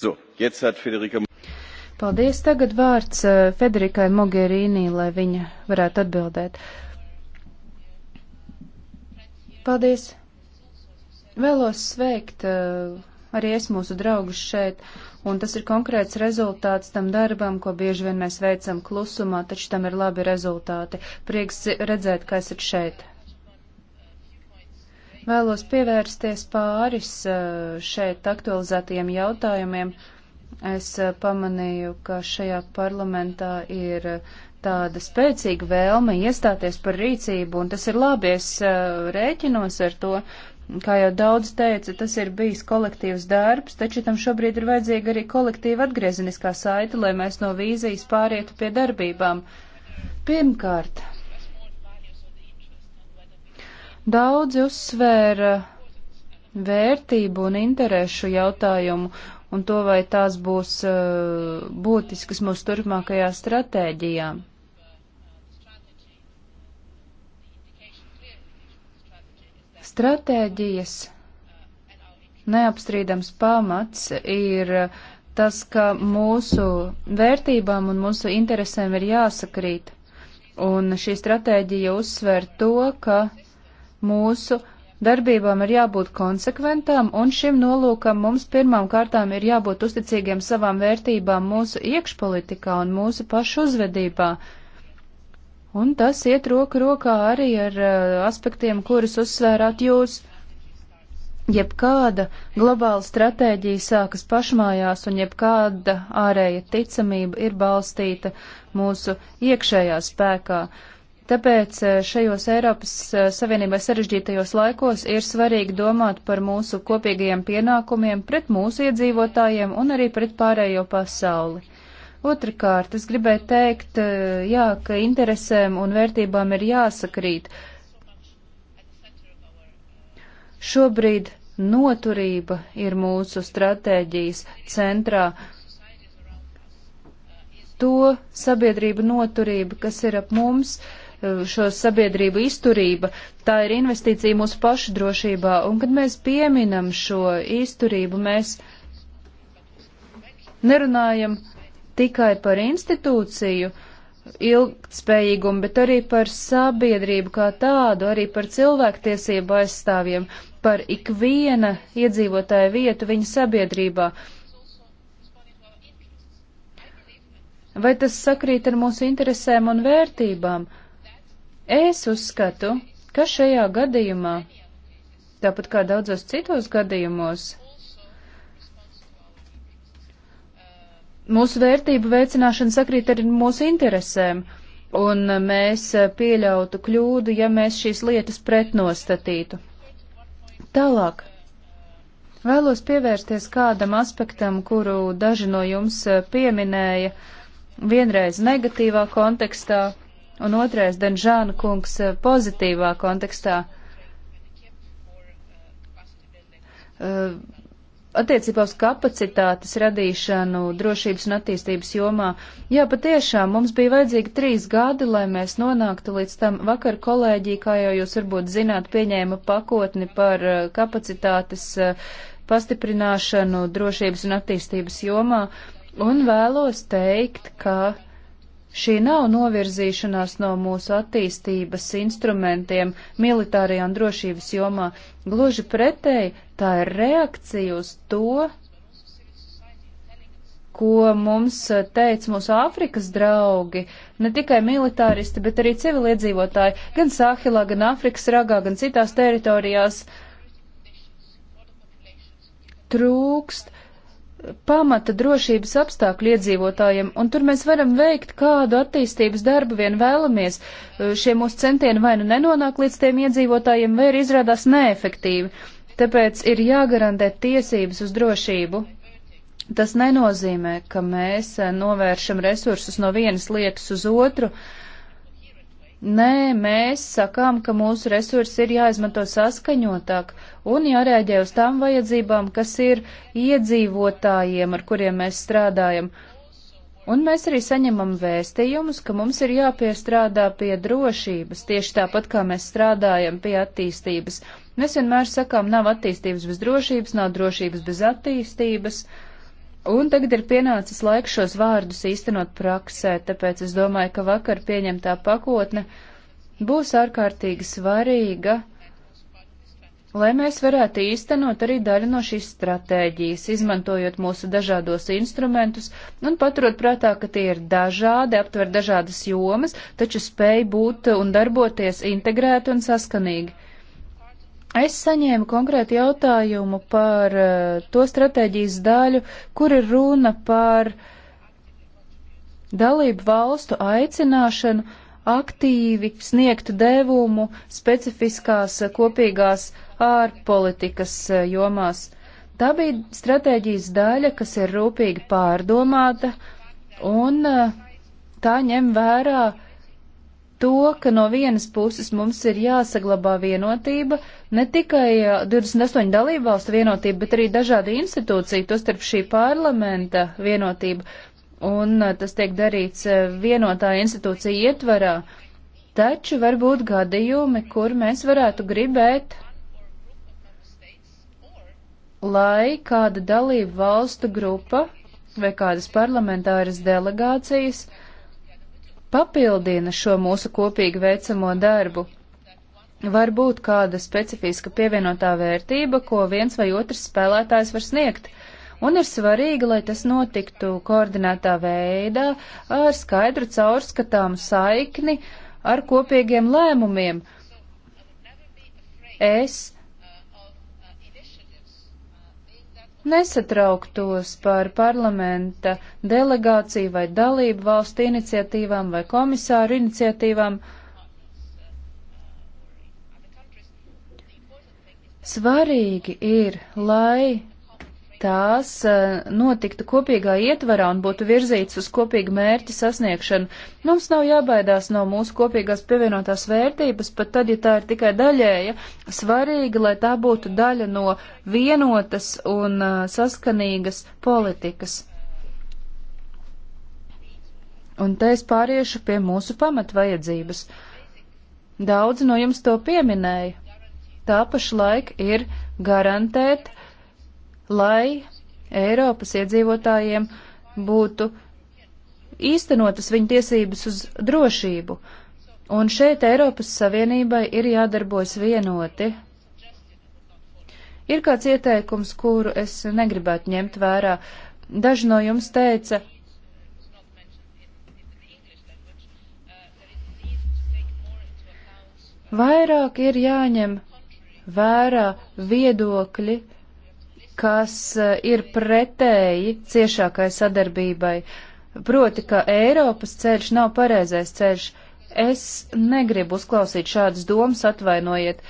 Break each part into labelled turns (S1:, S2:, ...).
S1: So, jetzt hat Federica... Paldies. Tagad vārds eh, Federikai Mogherīnī, lai viņa varētu atbildēt. Paldies. Vēlos sveikt eh, arī es mūsu draugus šeit, un tas ir konkrēts rezultāts tam darbam, ko bieži vien mēs veicam klusumā, taču tam ir labi rezultāti. Prieks redzēt, ka esat šeit. Vēlos pievērsties pāris eh, šeit aktualizētajiem jautājumiem. Es eh, pamanīju, ka šajā parlamentā ir eh, tāda spēcīga vēlme iestāties par rīcību, un tas ir labi, es rēķinos ar to. Kā jau daudz teica, tas ir bijis kolektīvs darbs, taču tam šobrīd ir vajadzīga arī kolektīva atgriezeniskā saita, lai mēs no vīzijas pārietu pie darbībām. Pirmkārt, Daudzi uzsvēra vērtību un interešu jautājumu un to, vai tās būs uh, būtiskas mūsu turpmākajā stratēģijā. Stratēģijas neapstrīdams pamats ir tas, ka mūsu vērtībām un mūsu interesēm ir jāsakrīt. Un šī stratēģija uzsver to, ka uh, Mūsu darbībām ir jābūt konsekventām, un šim nolūkam mums pirmām kārtām ir jābūt uzticīgiem savām vērtībām mūsu iekšpolitikā un mūsu pašu uzvedībā. Un tas iet roku rokā arī ar uh, aspektiem, kurus uzsvērāt jūs. Jebkāda globāla stratēģija sākas pašmājās, un jebkāda ārēja ticamība ir balstīta mūsu iekšējā spēkā. Uh, Tāpēc eh, šajos Eiropas eh, Savienībai sarežģītajos laikos ir svarīgi domāt par mūsu kopīgajiem pienākumiem pret mūsu iedzīvotājiem un arī pret pārējo pasauli. Otrakārt, es gribēju teikt, eh, jā, ka interesēm un vērtībām ir jāsakrīt. Šobrīd noturība ir mūsu stratēģijas centrā to sabiedrību noturību, kas ir ap mums, uh, Eh, šo sabiedrību izturība, tā ir investīcija mūsu pašu drošībā. Un kad mēs pieminam šo izturību, mēs nerunājam tikai par institūciju ilgtspējīgumu, bet arī par sabiedrību kā tādu, arī par cilvēktiesību aizstāvjiem, par ikviena iedzīvotāja vietu viņa sabiedrībā. Vai tas sakrīt ar mūsu interesēm un vērtībām? Es uzskatu, ka šajā gadījumā, tāpat kā daudzos citos gadījumos, mūsu vērtību veicināšana sakrīt ar mūsu interesēm, un mēs pieļautu kļūdu, ja mēs šīs lietas pretnostatītu. Tālāk. Vēlos pievērsties kādam aspektam, kuru daži no jums pieminēja vienreiz negatīvā kontekstā, Un otrais, Denžāna kungs, eh, pozitīvā kontekstā. Uh, attiecībā uz kapacitātes radīšanu drošības un attīstības jomā. Jā, patiešām mums bija vajadzīgi trīs gadi, lai mēs nonāktu līdz tam. Vakar kolēģi, kā jau jūs varbūt zināt, pieņēma pakotni par eh, kapacitātes pastiprināšanu drošības un attīstības jomā. Un vēlos teikt, ka Šī nav novirzīšanās no mūsu attīstības instrumentiem militārajā un drošības jomā. Gluži pretēji, tā ir reakcija uz to, ko mums teica mūsu Āfrikas draugi, ne tikai militāristi, bet arī civiliedzīvotāji, gan Sāhilā, gan Āfrikas ragā, gan citās teritorijās. Trūkst uh, pamata drošības apstākļu iedzīvotājiem, un tur mēs varam veikt kādu attīstības darbu vien vēlamies. Šie mūsu centieni vai nu nenonāk līdz tiem iedzīvotājiem, vai arī izrādās neefektīvi. Tāpēc ir jāgarantē tiesības uz drošību. Tas nenozīmē, ka mēs novēršam resursus no vienas lietas uz otru. Uh, Nē, mēs sakām, ka mūsu resursi ir jāizmanto saskaņotāk un jārēģē uz tām vajadzībām, kas ir iedzīvotājiem, ar kuriem mēs strādājam. Un mēs arī saņemam vēstījumus, ka mums ir jāpiestrādā pie drošības, tieši tāpat kā mēs strādājam pie attīstības. Mēs vienmēr sakām, nav attīstības bez drošības, nav drošības bez attīstības. Uh, Un tagad ir pienācis laiks šos vārdus īstenot praksē, tāpēc es domāju, ka vakar pieņemtā pakotne būs ārkārtīgi svarīga, lai mēs varētu īstenot arī daļu no šīs stratēģijas, izmantojot mūsu dažādos instrumentus un paturot prātā, ka tie ir dažādi, aptver dažādas jomas, taču spēj būt un darboties integrēti un saskanīgi. Es saņēmu konkrētu jautājumu par uh, to stratēģijas daļu, kur ir runa par dalību valstu aicināšanu aktīvi sniegt devumu specifiskās eh, kopīgās ārpolitikas eh, jomās. Tā bija stratēģijas daļa, kas ir rūpīgi pārdomāta, un uh, tā ņem vērā uh, to, ka no vienas puses mums ir jāsaglabā vienotība, ne tikai 28 dalībvalstu vienotība, bet arī dažādi institūcija, tostarp šī parlamenta vienotība, un tas tiek darīts vienotā institūcija ietvarā. Taču var būt gadījumi, kur mēs varētu gribēt, lai kāda dalību valstu grupa vai kādas parlamentāras delegācijas uh, papildina šo mūsu kopīgi veicamo darbu. Var būt kāda specifiska pievienotā vērtība, ko viens vai otrs spēlētājs var sniegt, un ir svarīgi, lai tas notiktu koordinētā veidā ar skaidru caurskatām saikni ar kopīgiem lēmumiem. Es nesatrauktos par parlamenta delegāciju vai dalību valstu iniciatīvām vai komisāru iniciatīvām. Svarīgi ir, lai tās eh, notiktu kopīgā ietvarā un būtu virzīts uz kopīgu mērķi sasniegšanu. Mums nav jābaidās no mūsu kopīgās pievienotās vērtības, pat tad, ja tā ir tikai daļēja, svarīgi, lai tā būtu daļa no vienotas un eh, saskanīgas politikas. Un te es pāriešu pie mūsu pamatvajadzības. Daudzi no jums to pieminēja. Tā pašlaik ir garantēt uh, lai Eiropas iedzīvotājiem būtu īstenotas viņu tiesības uz drošību. Un šeit Eiropas Savienībai ir jādarbojas vienoti. Ir kāds ieteikums, kuru es negribētu ņemt vērā. Daži no jums teica, vairāk ir jāņem vērā viedokļi kas eh, ir pretēji ciešākai sadarbībai. Proti, ka Eiropas ceļš nav pareizais ceļš. Es negribu uzklausīt šādas domas, atvainojiet,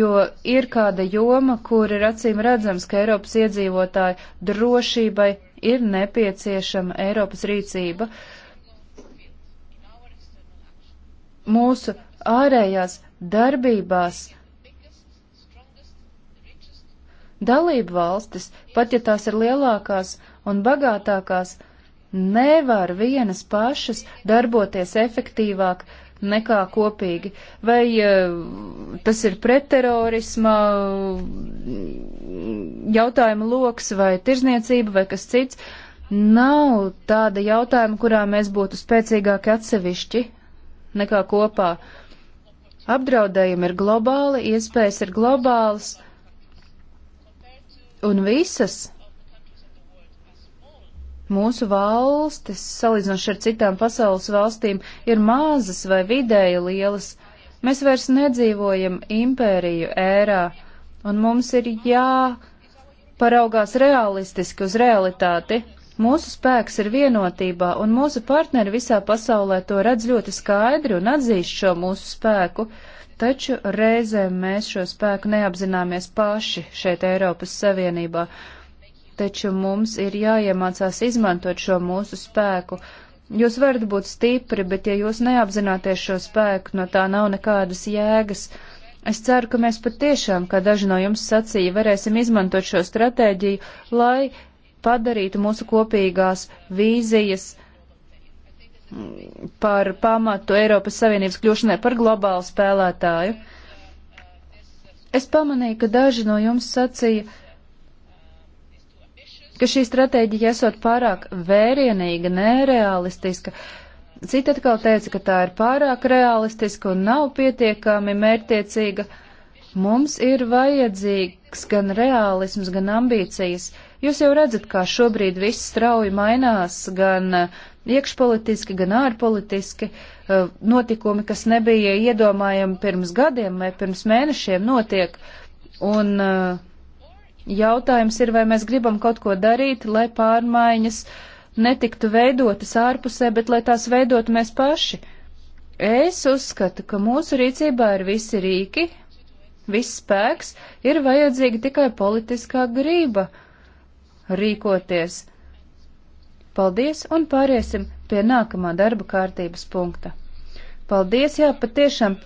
S1: jo ir kāda joma, kur ir acīm redzams, ka Eiropas iedzīvotāju drošībai ir nepieciešama Eiropas rīcība. Mūsu ārējās darbībās Dalību valstis, pat ja tās ir lielākās un bagātākās, nevar vienas pašas darboties efektīvāk nekā kopīgi. Vai e, tas ir pretterorisma mm, jautājuma loks vai tirzniecība vai kas cits. Nav tāda jautājuma, kurā mēs būtu spēcīgāki atsevišķi nekā kopā. Apdraudējumi ir globāli, iespējas ir globālas, Un visas mūsu valstis, salīdzinoši ar citām pasaules valstīm, ir mazas vai vidēji lielas. Mēs vairs nedzīvojam impēriju ērā, un mums ir jāparaugās realistiski uz realitāti. Mūsu spēks ir vienotībā, un mūsu partneri visā pasaulē to redz ļoti skaidri un atzīst šo mūsu spēku. Uh, Taču reizēm mēs šo spēku neapzināmies paši šeit Eiropas Savienībā. Taču mums ir jāiemācās izmantot šo mūsu spēku. Jūs varat būt stipri, bet ja jūs neapzināties šo spēku, no tā nav nekādas jēgas. Es ceru, ka mēs patiešām, kā daži no jums sacīja, varēsim izmantot šo stratēģiju, lai padarītu mūsu kopīgās vīzijas par pamatu Eiropas Savienības kļūšanai par globālu spēlētāju. Es pamanīju, ka daži no jums sacīja, ka šī stratēģija esot pārāk vērienīga, nerealistiska. Citi atkal teica, ka tā ir pārāk realistiska un nav pietiekami mērtiecīga. Mums ir vajadzīgs gan realisms, gan ambīcijas. Jūs jau redzat, kā šobrīd viss strauji mainās, gan uh, iekšpolitiski, gan ārpolitiski eh, notikumi, kas nebija iedomājami pirms gadiem vai pirms mēnešiem notiek. Un eh, jautājums ir, vai mēs gribam kaut ko darīt, lai pārmaiņas netiktu veidotas ārpusē, bet lai tās veidotu mēs paši. Es uzskatu, ka mūsu rīcībā ir visi rīki, viss spēks, ir vajadzīga tikai politiskā grība rīkoties. Paldies un pāriesim pie nākamā darba kārtības punkta. Paldies, jā, patiešām.